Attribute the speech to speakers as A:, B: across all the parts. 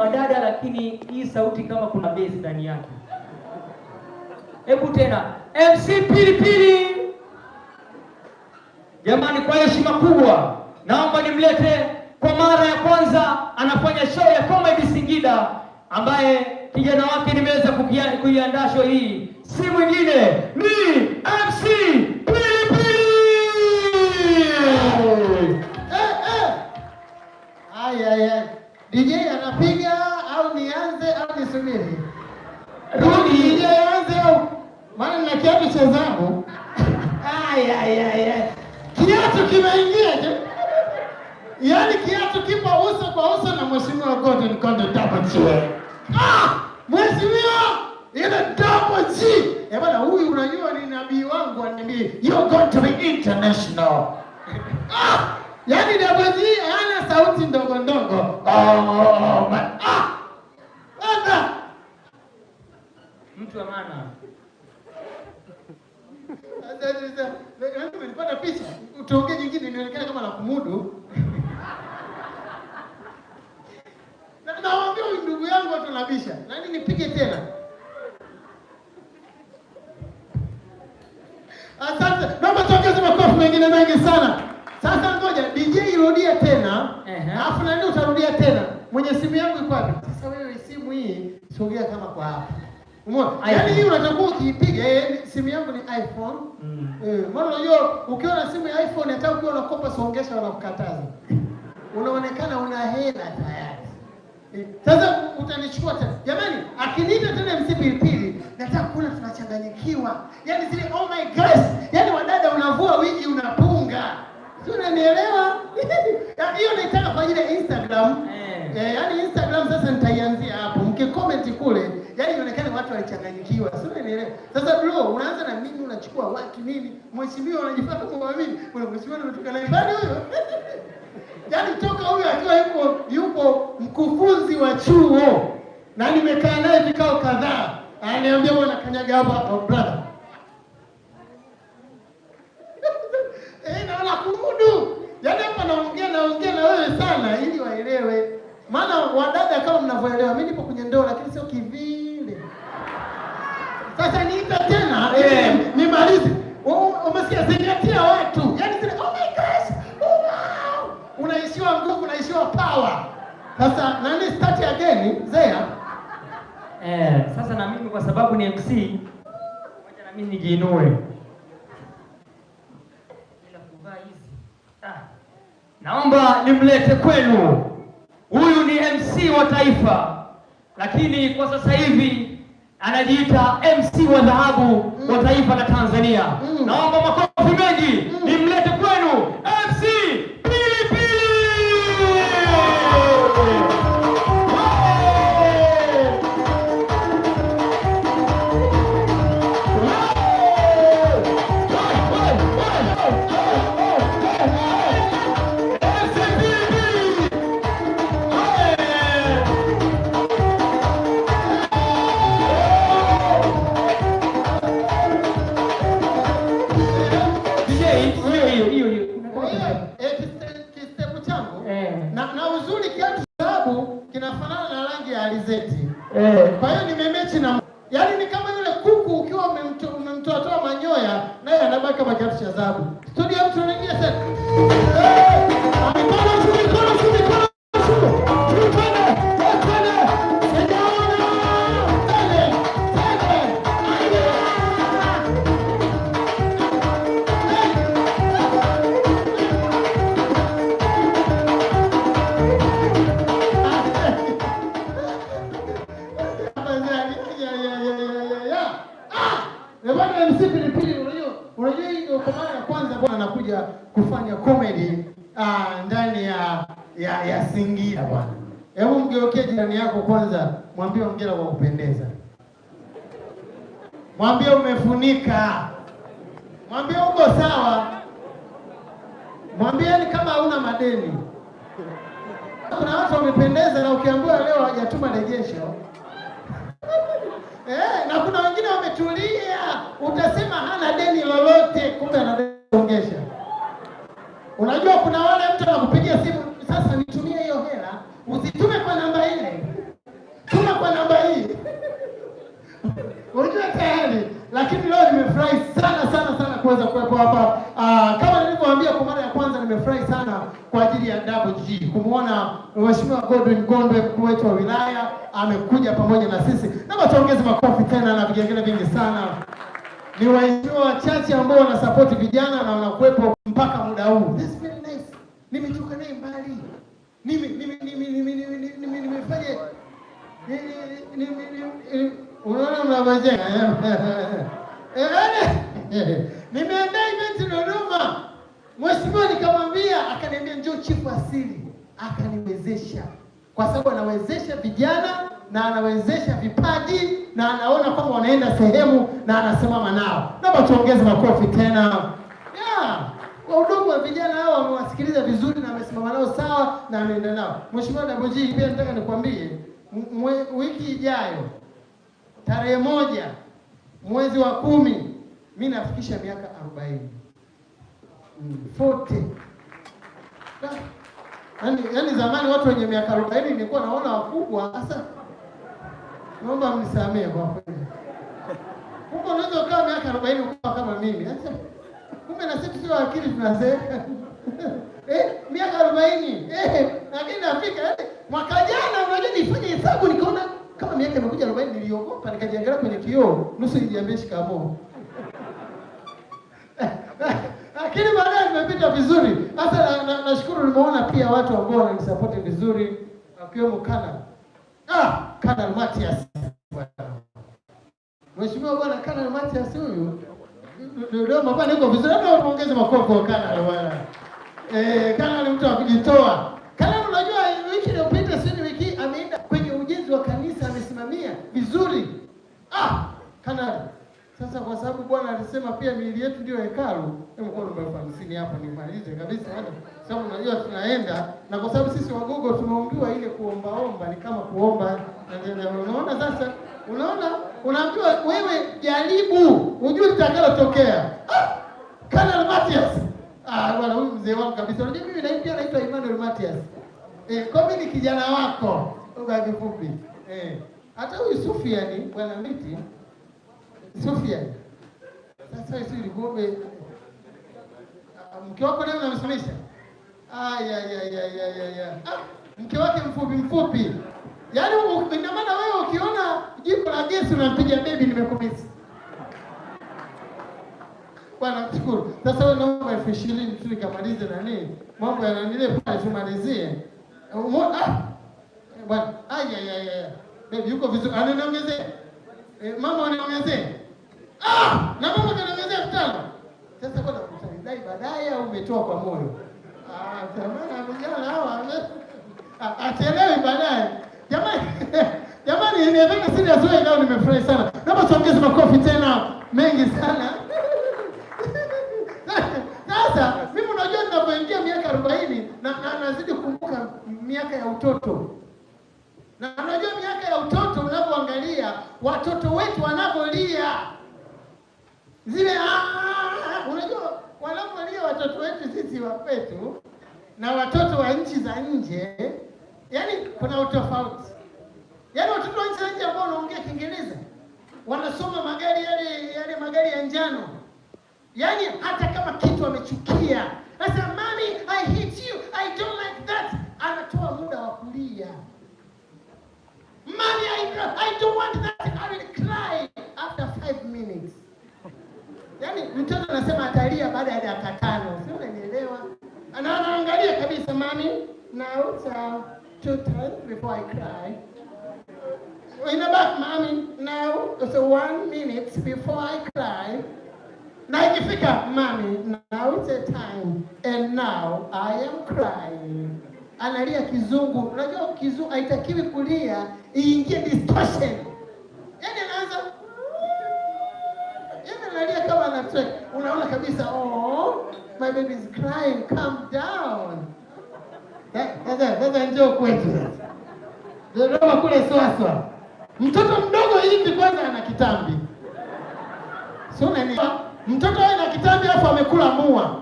A: Wadada, lakini hii sauti kama kuna base ndani yake. Hebu tena MC Pilipili. Jamani, kwa heshima kubwa naomba nimlete kwa mara ya kwanza, anafanya show ya comedy Singida, ambaye kijana wake nimeweza kuiandaa show hii, si mwingine ni MC Pilipili. Hey, eh, hey. Ay, ay, ay. DJ anapiga au nianze au nisubiri? Rudi DJ anze au maana nina kiatu cha zangu. Ay ay ay ay. Kiatu kimeingia je? Yaani kiatu kipo uso kwa uso na Mheshimiwa Gordon Kondo Dabachwe. Ah! ah! Mheshimiwa ile double G. Eh, bwana huyu unajua ni nabii wangu aniambie you're going to be international. ah! Yaani double G yaani sauti ndogo ndogo, ah! mtu wa maana nilipata picha, tuongee jingine, inaonekana kama la kumudu. nawambia huyu ndugu yangu atunabisha, nani nipige tena? Asante, naomba tokeze makofu mengine mengi sana. Sasa ngoja DJ ukirudia tena alafu na ndio utarudia tena. Mwenye simu yangu iko wapi? Sasa wewe simu hii sogea kama kwa hapa. Umeona? Yaani hii unatakuwa ukiipiga eh, simu yangu ni iPhone. Mm. Eh, maana unajua ukiwa na simu ya iPhone hata ukiwa unakopa songesha wanakukataza. Unaonekana una hela tayari. Eh, sasa utanichukua tena. Jamani, akiniita tena msipilipili, nataka kuona tunachanganyikiwa. Yaani zile oh my grace nini, mheshimiwa unajipata kwa mimi, kuna mheshimiwa anatoka na ibada huyo yaani toka huyo akiwa yuko yupo mkufunzi wa chuo na nimekaa naye vikao kadhaa, ananiambia bwana, kanyaga hapa brother eh, naona kumudu yaani hapa naongea naongea na wewe sana ili waelewe, maana wadada kama mnavyoelewa, mimi nipo kwenye ndoa lakini sio kivile. Sasa niita tena eh unasikia zingatia watu yani zile, oh my gosh, oh wow, unaishiwa nguvu, unaishiwa power. Sasa nani start again Zea? Eh, sasa na mimi kwa sababu ni MC, moja na mimi nijiinue bila kuvaa hizi ah Naomba nimlete kwenu, huyu ni MC wa taifa, lakini kwa sasa hivi anajiita MC wa dhahabu wa taifa la Tanzania. Mm. Naomba makofi mengi. Mm. 哎，没有，有，有。mwambie jirani yako kwanza, mwambie hongera kwa kupendeza, mwambie umefunika, mwambie uko sawa, mwambie ni kama hauna madeni. Kuna watu wamependeza na ukiambiwa leo hajatuma rejesho eh, na kuna wengine wametulia, utasema hana deni lolote, kumbe anaongesha. Unajua kuna wale mtu anakupigia simu sasa nitumie Usitume kwa namba ile, tuma kwa namba hii. Unajua tayari, lakini leo nimefurahi sana sana sana kuweza kuwepo hapa. Uh, kama nilivyowaambia kwa mara ya kwanza, nimefurahi sana kwa ajili ya Double G kumwona Mheshimiwa Godwin Gondwe, mkuu wetu wa wilaya, amekuja pamoja na sisi. Naomba tuongeze makofi tena na vigengele vingi sana. Ni waheshimiwa wachache ambao wanasapoti vijana na wanakuwepo mpaka muda huu. This very nice. Nimetoka naye mbali nimefanya unaona, mnavajenga nimeandaa event Dodoma. Mheshimiwa nikamwambia, akaniambia njoo chifu asili, akaniwezesha kwa sababu anawezesha vijana na anawezesha vipaji na anaona kwamba wanaenda sehemu na anasimama nao. Naomba tuongeze makofi tena. na anaenda nao. Mheshimiwa mji pia nataka nikwambie wiki ijayo tarehe moja mwezi wa kumi mi nafikisha miaka arobaini mm, forty. Yaani, zamani watu wenye miaka arobaini nilikuwa naona wakubwa. Sasa naomba mnisamee kwa kweli, huko unaweza ukawa miaka arobaini ukawa kama mimi. Sasa kumbe na sisi sio akili tunazeeka eh, miaka arobaini eh, lakini nafika eh, mwaka jana, unajua nifanye hesabu nikaona kama miaka imekuja arobaini. Niliogopa nikajiangalia kwenye kioo, nusu nijiambia shikamoo eh, lakini baadaye nimepita vizuri. Sasa nashukuru na, na nimeona pia watu ambao wananisapoti vizuri, akiwemo kana ah, kana Matias, mheshimiwa bwana kana Matias huyu ndio mabana yuko vizuri, hata wapongeze makofi kwa kana bwana eh, kama mtu akujitoa kama unajua wiki iliyopita sio wiki ameenda kwenye ujenzi wa kanisa amesimamia vizuri. Ah, kana sasa kwa sababu Bwana alisema pia miili yetu ndio hekalu. Hebu kwa namba 50 hapa nimalize kabisa hata sababu unajua tunaenda na kwa sababu sisi wagogo tumeombiwa ile kuomba omba ni kama kuomba unaona sasa unaona unaambiwa wewe jaribu ujue litakalotokea. Ah, kana Matias Ah, bwana huyu mzee wangu kabisa. Unajua mimi na pia naitwa Emmanuel Matias. Eh, kombi ni kijana wako. Kwa kifupi. Eh. Hata huyu Sufiani bwana miti. Sufiani. Sasa hivi ligombe mke wako leo unamsomesha? Ah ya ya ya ya ya Ah, mke wake mfupi mfupi. Yaani ndio maana wewe ukiona jiko la gesi unampiga baby nimekumisi. Bwana mshukuru. Sasa wewe naomba elfu ishirini tu nikamalize nani mambo yananilie pale tumalizie. Ah, eh, bwana aya aya aya, baby yuko vizuri, ananiongezea eh, mama ananiongezea. Ah, na mama kaniongezea elfu tano. Sasa bwana utanidai baadaye au umetoa kwa moyo? Ah, jamani, vijana hawa Atelewi ah, baadaye jamani. Jamani, nimefanya serious wewe, leo nimefurahi sana. Naomba tuongeze makofi tena mengi sana. anapoingia miaka arobaini na, anazidi nazidi kukumbuka miaka ya utoto, na unajua miaka ya utoto unapoangalia watoto wetu wanavolia zile ah, unajua wanapolia watoto wetu sisi wapetu na watoto wa nchi za nje, yani kuna utofauti. Yani watoto wa nchi za nje ambao wanaongea Kiingereza wanasoma magari yale yaani, yale yaani magari ya njano, yani hata kama kitu wamechukia I said, Mommy, I hate you. I don't like that. And I told Luna of Mommy, I, I don't want that. I will cry after five minutes. Yaani mtoto anasema atalia baada ya dakika tano, si unanielewa? Anaangalia kabisa, mami, now it's uh, two times before I cry. Inabaki mommy. now so one minute before I cry. na ikifika mami, now it's a time and now I am crying, analia kizungu. Unajua kizungu haitakiwi kulia, iingie distortion, yaani anaanza yaani analia kama anatweka, unaona kabisa, oh my baby is crying, calm down. Eh, sasa njoo kwetu Dodoma kule swaswa, mtoto mdogo hivi kwanza ana kitambi, sio nani mtoto awe na kitambi afu amekula mua,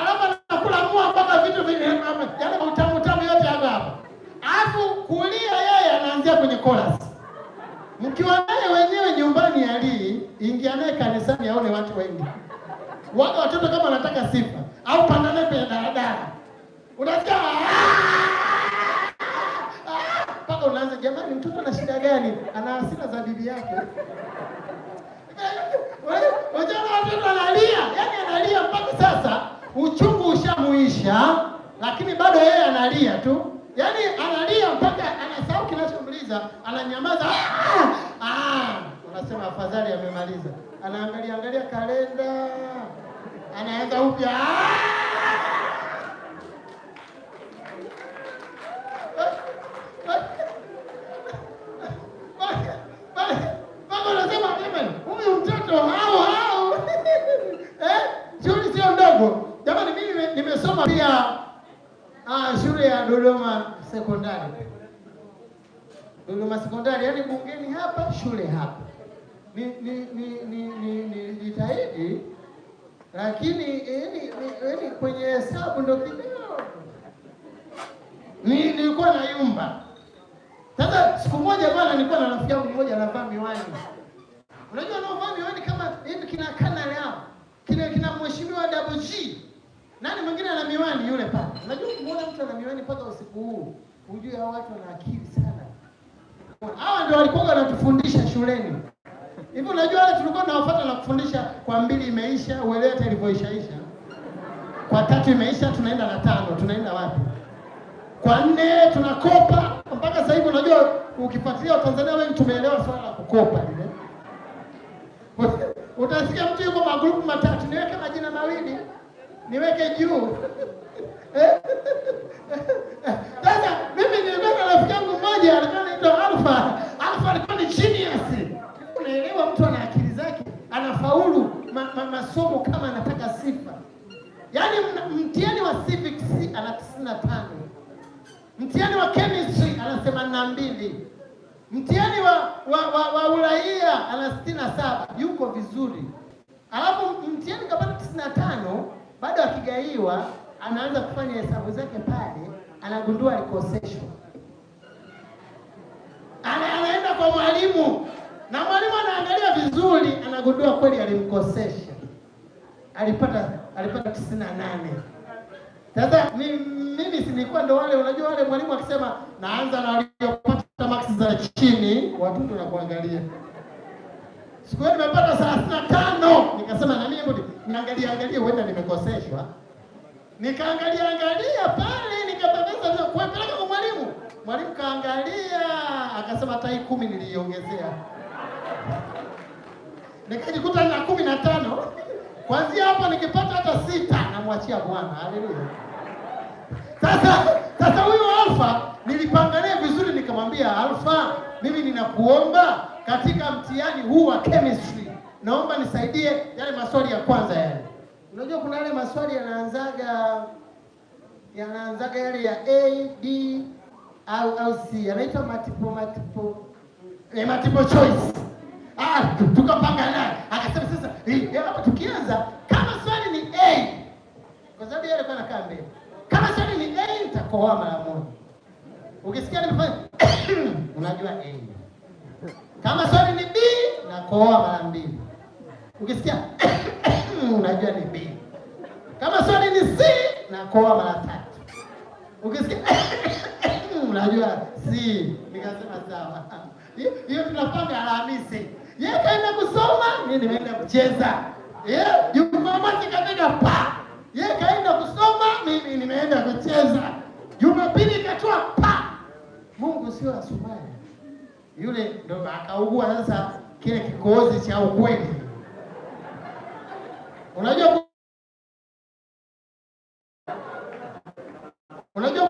A: alafu anakula mua mpaka vitu yaani mautamu tamu yote hapa hapa, alafu kulia yeye anaanzia kwenye chorus. Mkiwa naye wenyewe nyumbani alii, ingia naye kanisani aone watu wengi wale watoto, kama wanataka sifa au panda naye kwenye daladala, unasikia ah! Ah! mpaka unaanza, jamani, mtoto ana shida gani? Ana hasira za bibi yake. Unajua analia, yani analia mpaka sasa, uchungu ushamuisha, lakini bado yeye analia tu, yani analia mpaka anasahau kinachomliza, ananyamaza. Ah! Ah! Unasema afadhali amemaliza, anaangalia angalia kalenda, anaanza upya. Ah! pia ah, shule ya Dodoma Sekondari, Dodoma Sekondari, yaani bungeni hapa, shule hapa. Ni ni ni ni ni, ni jitahidi, lakini yaani, yaani kwenye hesabu ndo kidogo ni nilikuwa na yumba. Sasa siku moja bwana, nilikuwa na rafiki yangu mmoja anavaa miwani Yaani mwingine ana miwani yule pale. Unajua ukimuona mtu ana miwani mpaka usiku huu, ujue hao watu wana akili sana. Hawa ndio walikuwa wanatufundisha shuleni. Hivi unajua wale tulikuwa tunawafuata na kufundisha kwa mbili imeisha, uelewe hata ilivyoishaisha. Kwa tatu imeisha, tunaenda na tano, tunaenda wapi? Kwa nne tunakopa mpaka sasa hivi unajua ukifuatilia Tanzania wengi tumeelewa swala la kukopa lile. Utasikia mtu yuko magrupu matatu, niweke majina mawili niweke juu eh? sasa. Mimi nilipata rafiki yangu mmoja alikuwa anaitwa Alfa. Alfa alikuwa ni genius, unaelewa, mtu ana akili zake, anafaulu ma, ma, masomo kama anataka sifa. Yaani mtihani wa civics ana 95. na mtihani wa chemistry ana 82. na mtihani wa wa, wa, wa uraia ana 67, yuko vizuri, alafu mtihani kapata 95 bado akigaiwa, anaanza kufanya hesabu zake pale, anagundua alikoseshwa, anaenda kwa mwalimu na mwalimu anaangalia vizuri, anagundua kweli alimkosesha, alipata alipata tisini na nane. Sasa mimi si nilikuwa ndo wale, unajua wale mwalimu akisema naanza na waliopata maksi za chini, watoto na kuangalia Siku hiyo nimepata thelathini na tano nikasema nami hebu niangalia angalia, huenda nimekoseshwa. Nikaangalia angalia pale nikapendeza vile kwa kwa mwalimu. Mwalimu kaangalia akasema hata hii kumi niliiongezea. Nikajikuta na kumi na tano. Kuanzia hapo nikipata hata sita namwachia Bwana. Haleluya. Sasa sasa huyo Alfa nilipangalia vizuri nikamwambia Alfa, mimi ninakuomba katika mtihani huu wa chemistry, naomba nisaidie yale maswali ya kwanza yale. Unajua kuna yale maswali yanaanzaga yanaanzaga yale ya A, D au au C, yanaitwa multiple multiple eh, multiple choice. Ah, tukapanga naye akasema sasa, hapo tukianza kama swali ni A, kwa sababu yale kwa nakaa mbele, kama swali ni A nitakohoa mara moja, ukisikia nimefanya kama swali ni B na koa mara mbili. Ukisikia unajua ni B. Kama swali ni C na koa mara tatu. Ukisikia unajua C. Nikasema sawa. Hiyo tunapanga Alhamisi. Yeye kaenda kusoma, mimi nimeenda kucheza. Yeye Jumamosi kapiga pa. Yeye kaenda kusoma, mimi nimeenda kucheza. Jumapili katoa pa. Mungu sio asubuhi yule ndo akaugua sasa kile kikozi cha ukweli. Unajua, unajua